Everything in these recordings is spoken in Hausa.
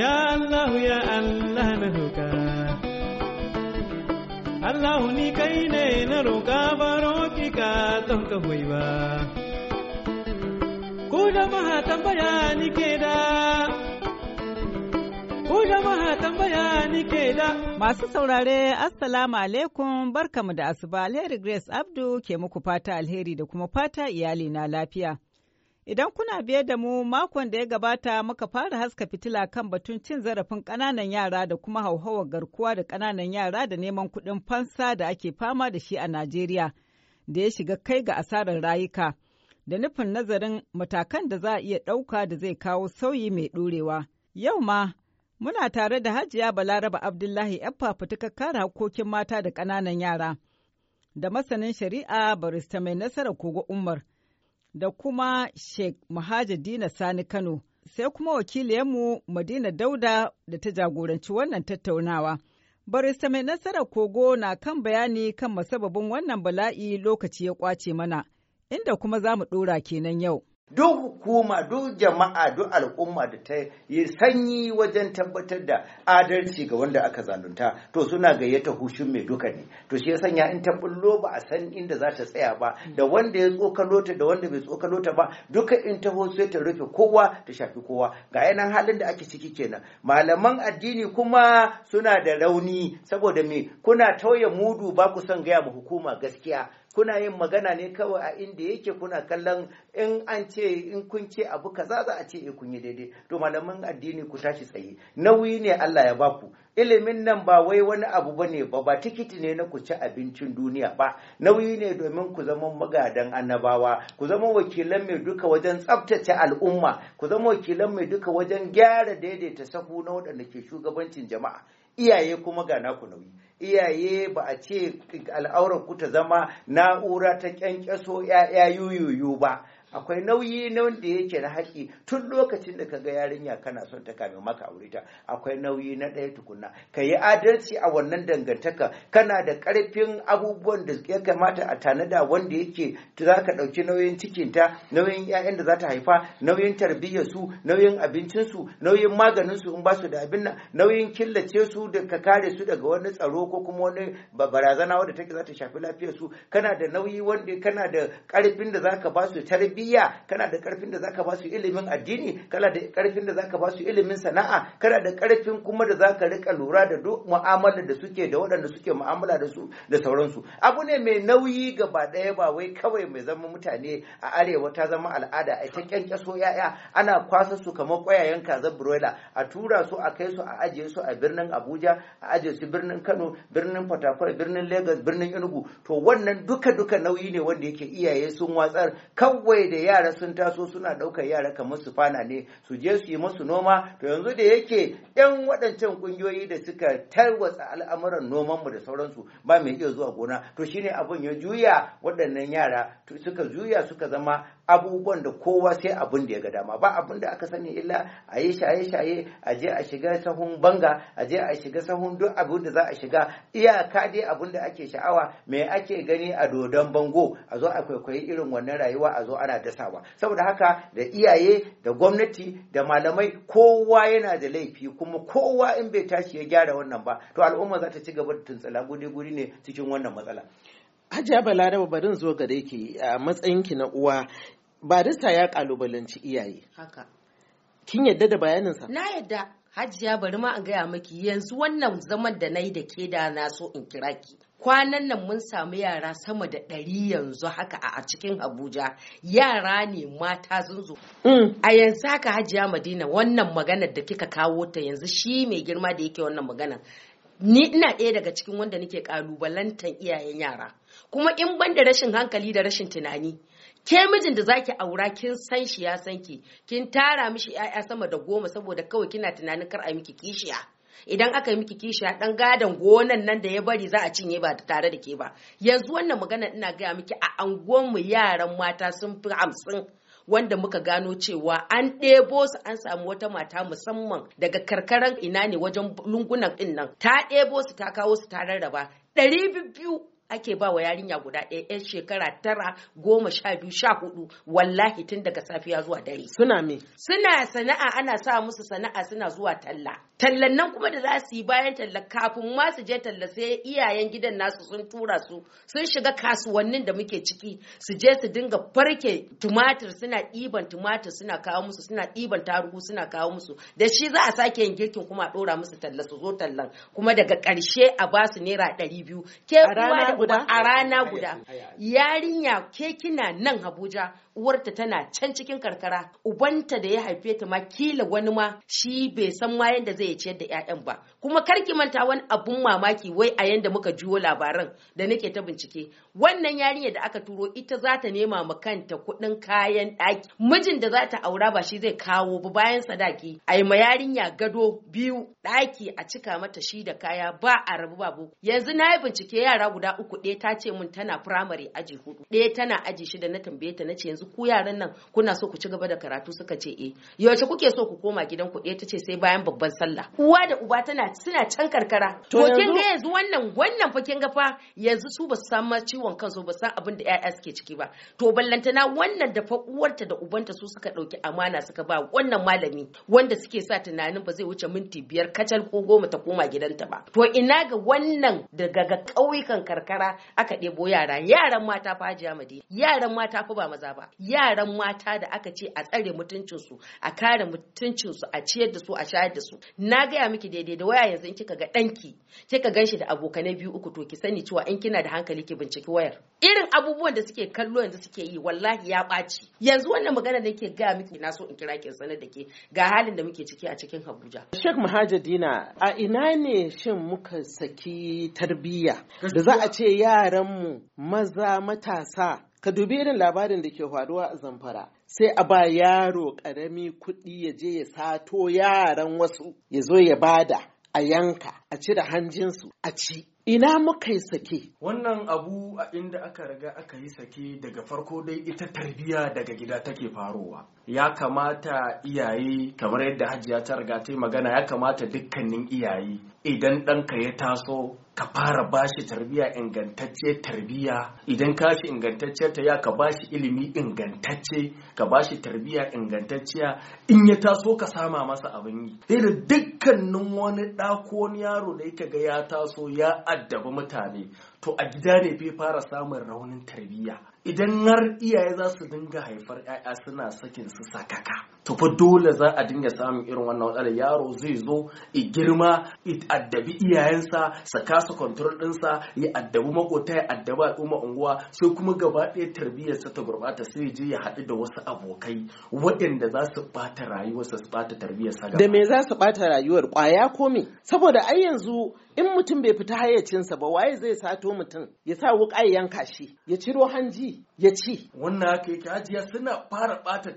Ya Allah ya Allah na roƙa ni kai ne na roƙa ka Masu saurare Assalamu alaikum barkamu da asuba Alheri Grace Abdu ke muku fata alheri da kuma fata iyali na lafiya Idan kuna biye da mu makon da ya gabata muka fara haska fitila kan batun cin zarafin ƙananan yara da kuma hauhawar garkuwa da ƙananan yara da neman kuɗin fansa da ake fama da shi a Najeriya da ya shiga kai ga asarar rayuka da nufin nazarin matakan da za a iya ɗauka da zai kawo sauyi mai ɗorewa. Yau ma muna tare da Hajiya Balaraba Abdullahi Yaffa fafutukar kare hakkokin mata da ƙananan yara da masanin shari'a barista mai nasara kogo Umar. da kuma Sheikh Muhajadina Sani Kano, sai kuma wakiliyarmu Madina Dauda da ta jagoranci wannan tattaunawa. Barista mai nasarar kogo na kan bayani kan masababin wannan bala'i lokaci ya kwace mana, inda kuma za mu ɗora kenan yau. duk hukuma duk jama'a duk al'umma da ta yi sanyi wajen tabbatar da adalci ga wanda aka zalunta to suna gayyata hushin mai duka ne to shi ya sanya in ta bullo ba a san inda za ta tsaya ba da wanda ya tsokalo ta da wanda bai tsokalo ta ba duka in ta sai ta rufe kowa ta shafi kowa ga yanan halin da ake ciki kenan malaman addini kuma suna da rauni saboda me kuna tauye mudu ba ku son gaya ma hukuma gaskiya kuna yin magana ne kawai a inda yake kuna kallon in an ce in kun ce abu kaza za a ce e kun yi daidai to malamin addini ku tashi tsaye nauyi ne Allah ya baku ilimin nan ba wai wani abu bane ne ba ba tikiti ne na ku ci abincin duniya ba nauyi ne domin ku zama magadan annabawa ku zama wakilan mai duka wajen tsaftace al'umma ku zama wakilan mai duka wajen gyara daidaita sahu na waɗanda ke shugabancin jama'a iyaye kuma ga naku nauyi iyaye ba a ce al'aurar ku ta zama na'ura ta kyankyaso ya'ya yuyuyu ba akwai nauyi na wanda yake na haƙi tun lokacin da kaga yarinya kana son ta kame maka aure ta akwai nauyi na ɗaya tukunna ka yi adalci a wannan dangantaka kana da ƙarfin abubuwan da ya kamata a tanada wanda yake za ka ɗauki nauyin cikinta nauyin 'ya'yan da za ta haifa nauyin tarbiyyarsu, su nauyin abincinsu nauyin maganinsu in ba su da abin nan nauyin killace su da ka kare su daga wani tsaro ko kuma wani barazana wanda take za ta shafi lafiyar su kana da nauyi wanda kana da ƙarfin da za ka ba su tarbiyya tarbiyya kana da karfin da zaka ba su ilimin addini kana da karfin da zaka ba su ilimin sana'a kana da karfin kuma da zaka rika lura da duk mu'amalar da suke da waɗanda suke mu'amala da su da sauransu abu ne mai nauyi gaba ɗaya ba wai kawai mai zama mutane a arewa ta zama al'ada a ta kyankyaso yaya ana kwasa su kamar ƙwayayen kaza broiler a tura su a kai su a ajiye su a birnin Abuja a ajiye su birnin Kano birnin Port birnin Lagos birnin Enugu to wannan duka duka nauyi ne wanda yake iyaye sun watsar kawai da yara sun taso suna ɗaukar yara kamar su fana ne su je su yi musu noma to yanzu da yake yan waɗancan ƙungiyoyi da suka tarwatsa al'amuran nomanmu da sauransu ba mai iya zuwa gona to shine abin ya juya waɗannan yara suka juya suka zama abubuwan da kowa sai abin da ya ga dama ba abin da aka sani illa a yi shaye-shaye a je a shiga sahun banga a je a shiga sahun duk abin da za a shiga iyaka dai abin da ake sha'awa me ake gani a dodon bango a zo a kwaikwayi irin wannan rayuwa a zo ana dasawa saboda haka da iyaye da gwamnati da malamai kowa yana da laifi kuma kowa in bai tashi ya gyara wannan ba to al'umma za ta ci gaba da tuntsala guri-guri ne cikin wannan matsala. Hajiya Balaraba barin zo gare ki a matsayinki na uwa barista ya kalubalanci iyaye haka kin yadda da bayaninsa na yadda hajiya bari ma an gaya maki yanzu wannan zaman da na yi da ke da na so in kira ki kwanan nan mun samu yara sama da ɗari yanzu haka a cikin abuja yara ne mata zunzu mm. a yanzu haka hajiya madina wannan maganar da kika kawo ta yanzu shi mai girma da yake wannan maganar ni ina ɗaya daga cikin wanda nake ƙalubalantan iyayen yara kuma in ban da rashin hankali da rashin tunani ke mijin da zaki aura kin san shi ya san ki kin tara mishi 'ya'ya sama da goma saboda kawai kina tunanin kar a miki kishiya idan aka yi miki kishiya dan gadon gonan nan da ya bari za a cinye ba tare da ke ba yanzu wannan magana ina gaya miki a mu yaran mata sun fi hamsin wanda muka gano cewa an ɗebo su an samu wata mata musamman daga karkaran ina ne wajen lungunan ɗin nan ta ɗebo su ta kawo su ta rarraba ɗari biyu ake ba wa yarinya guda ɗaya yan shekara tara goma sha biyu sha hudu wallahi tun daga safiya zuwa dare suna me suna sana'a ana sa musu sana'a suna zuwa talla tallan nan kuma da za su yi bayan talla kafin ma su je talla sai iyayen gidan nasu sun tura su sun shiga kasuwannin da muke ciki su je su dinga farke tumatir suna ɗiban tumatir suna kawo musu suna ɗiban tarugu suna kawo musu da shi za a sake yin girkin kuma a ɗora musu talla su zo tallan kuma daga ƙarshe a ba su naira ɗari biyu guda a rana guda yarinya ke kina nan Abuja uwarta tana can cikin karkara ubanta da ya haife ta ma kila wani ma shi bai san ma yadda zai ciyar da 'ya'yan ba kuma karki manta wani abun mamaki wai a yanda muka juyo labaran da nake ta bincike wannan yarinya da aka turo ita za ta nema ma kanta kuɗin kayan ɗaki mijin da za ta aura ba shi zai kawo ba bayan sadaki a yi ma yarinya gado biyu ɗaki a cika mata shi da kaya ba a rabu ba bu yanzu na yi bincike yara guda uku ɗaya ta ce min tana firamare aji hudu ɗaya tana aji shida na tambaye ta na ce yanzu ku yaran nan kuna so ku ci gaba da karatu suka ce eh yaushe kuke so ku koma gidan ku ɗaya eh, tace sai bayan babban sallah uwa da uba tana suna can karkara to kin ga yanzu wannan wannan fa kin ga fa yanzu su ba su samu ciwon kansu ba san abin da ƴaƴa suke ciki ba to ballantana wannan da fa uwarta da ubanta su suka ɗauki amana suka ba wannan malami wanda suke sa tunanin ba zai wuce minti biyar kacal ko goma ta koma gidanta ba to ina ga wannan daga ga ƙauyukan karkara aka ɗebo yara yaran mata fa hajiya madina, yaran mata fa ba maza ba yaran mata da aka ce a tsare mutuncinsu a kare mutuncinsu a ciyar da su a shayar da su na gaya miki daidai da waya yanzu in kika ga ɗanki kika ganshi shi da abokan biyu uku to ki sani cewa in kina da hankali ki binciki wayar irin abubuwan da suke kallo yanzu suke yi wallahi ya ɓaci yanzu wannan magana da ke gaya miki na so in kira ki sanar da ke ga halin da muke ciki a cikin Abuja Sheikh Mahajadina a ina ne shin muka saki tarbiyya da za a ce yaran mu maza matasa ka dubi irin labarin da ke faruwa a zamfara sai a ba yaro ƙarami kuɗi ya je ya sato yaran wasu ya zo ya bada a yanka a cire hanjinsu a ci ina muka yi sake wannan abu a inda aka riga aka yi sake daga farko dai ita tarbiya daga gida take faruwa, ya kamata iyaye kamar yadda hajiya ta riga ta yi magana ya kamata dukkanin iyaye idan ɗanka ya taso ka fara bashi tarbiya ingantacce tarbiya idan ka shi ingantacce ta ya ka bashi ilimi ingantacce ka bashi tarbiya ingantacciya in ya taso ka sama masa abin yi sai da dukkanin wani ɗako yaro da yake ga ya taso ya addabi mutane to a gida ne bai fara samun raunin tarbiyya idan har iyaye za su dinga haifar 'ya'ya suna sakin su sakaka to fa dole za a dinga samun irin wannan matsalar yaro zai zo i girma i addabi iyayensa sa kasa control dinsa ya addabi makota ya addabi al'umma unguwa sai kuma gaba ɗaya tarbiyyarsa ta gurbata sai je ya haɗu da wasu abokai waɗanda za su ɓata rayuwarsa su ɓata tarbiyyarsa da me za su ɓata rayuwar kwaya ko me saboda ai yanzu in mutum bai fita hayyacinsa ba waye zai sato mutum ya sa wuƙa ya yanka shi ya ciro hanji ya ce wannan haka yake hajiya suna fara bata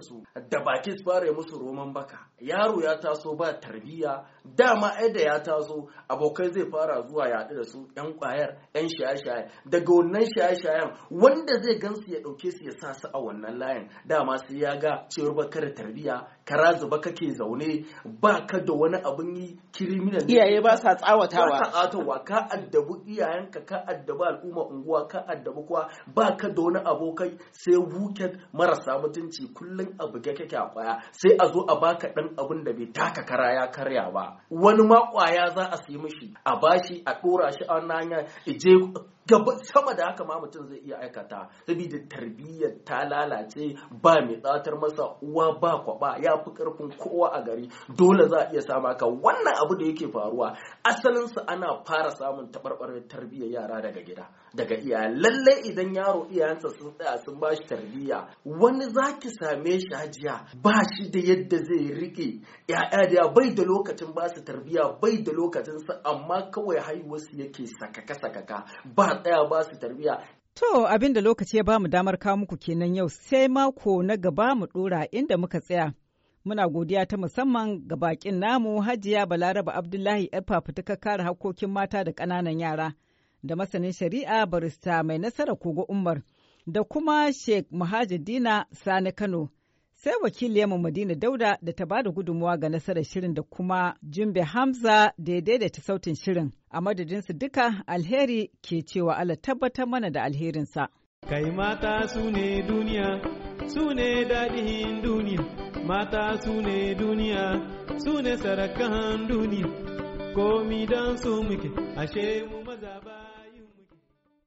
su da baki su fara musu roman baka yaro ya taso ba tarbiyya dama ai da ya taso abokai zai fara zuwa ya da su yan kwayar yan shaye-shaye daga wannan shaye-shayen wanda zai gansu ya dauke su ya sa su a wannan layin dama sai ya ga cewar baka da tarbiyya kara zuba kake zaune ba ka da wani abin yi kiriminal iyaye ba sa tsawatawa ba ka addabu iyayenka ka addabu al'umma unguwa ka addabu kuwa, ba ka da wani abokai sai wuken marasa mutunci kullum a buge kake kwaya sai a zo a baka dan abun da bai taka kara ya karya ba wani ma kwaya za a sayi mishi a bashi a dora shi a wannan hanya ije gaba sama da haka ma mutum zai iya aikata saboda tarbiyyar ta lalace ba mai tsatar masa uwa ba kwaba ya fi karfin kowa a gari dole za a iya sama ka wannan abu da yake faruwa asalinsa ana fara samun taɓarɓarar tarbiyyar yara daga gida daga iya lallai idan yaro iyayensa sun tsaya sun ba shi tarbiyya wani zaki same shi hajiya ba shi da yadda zai rike ya'ya da bai da lokacin ba su tarbiyya bai da lokacin sa amma kawai haihuwarsu yake sakaka sakaka ba har ba su tarbiya To abin da lokaci ya ba mu damar kawo muku kenan yau sai mako na gaba mu ɗora inda muka tsaya. Muna godiya ta musamman ga Baƙin namu Hajiya Balaraba Abdullahi yar fafutukar kare hakkokin mata da ƙananan yara da masanin shari'a barista mai nasara kogo Umar da kuma Sheikh muhajidina Sani Kano sai wakiliyarmu Madina Dauda da ta bada gudunmuwa ga nasarar shirin da kuma jimbe Hamza da ya daidaita sautin shirin. A madadinsu duka alheri ke cewa Allah tabbatar mana da alherinsa. Kai mata su ne duniya, su ne daɗin duniya, mata su ne duniya, su ne sarakan duniya, komi don su muke, ashe mu maza ba.